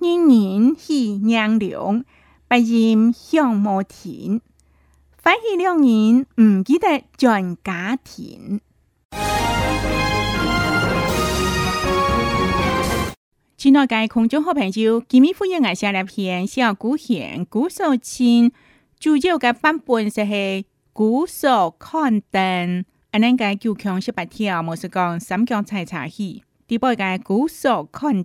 年年娘娘人人喜迎龍，八音響無停。歡喜兩人唔記得轉家庭。親愛的觀眾好朋友，今天分享個這篇《小姑賢姑嫂親》。主要嘅版本就係《姑嫂看燈》，啊，那個九腔十八調，冇是講三江採茶戲。第八個《姑嫂看燈》。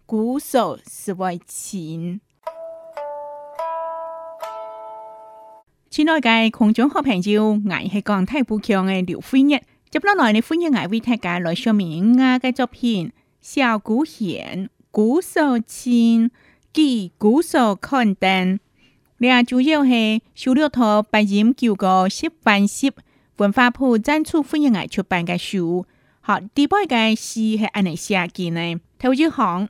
姑嫂為親。親愛嘅觀眾和朋友，我是講台不強嘅劉惠月。接下來，劉惠月愛為大家來說明我嘅作品《小姑賢姑嫂親》記姑嫂看燈。你啊，主要係收了套八音九歌嘅十番集文化部展出，劉惠月愛出版嘅書。好，第八個詩係安尼寫嘅呢？頭一行。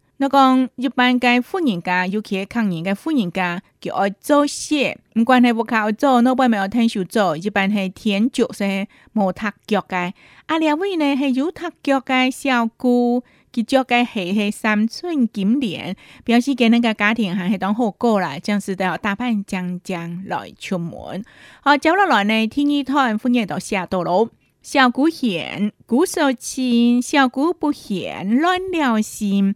我講一般嘅富人家，尤其係窮人嘅富人家，就愛做鞋。唔管係木靠做，老闆咪要親手做。一般係天腳生，無脫腳嘅。阿兩位呢係有脫腳嘅小姑，佢腳嘅鞋係三寸金蓮，表示佢那個家庭還係當好個啦，平時都要打扮將將來出門。好，接下來呢，天雨灘富人就下多咯。小姑賢，姑嫂親，小姑不賢亂了心。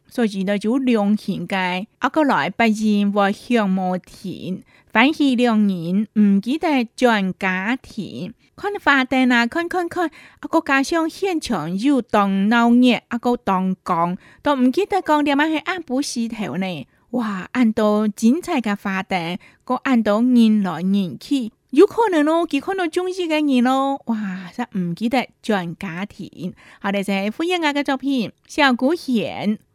所以呢就兩線嘅，阿、啊、個來拜願或向冇錢，反是兩人唔、嗯、記得轉家庭。看花燈啊，看看看，一、啊、個家鄉現場又當鬧熱，一個當講都唔記得講點樣去按部洗頭呢？哇！按到精彩嘅花燈，個按到人來人去，有可能哦，佢看到中意嘅人咯。哇！真唔記得轉家庭。好哋就歡迎我嘅作品《小姑賢》。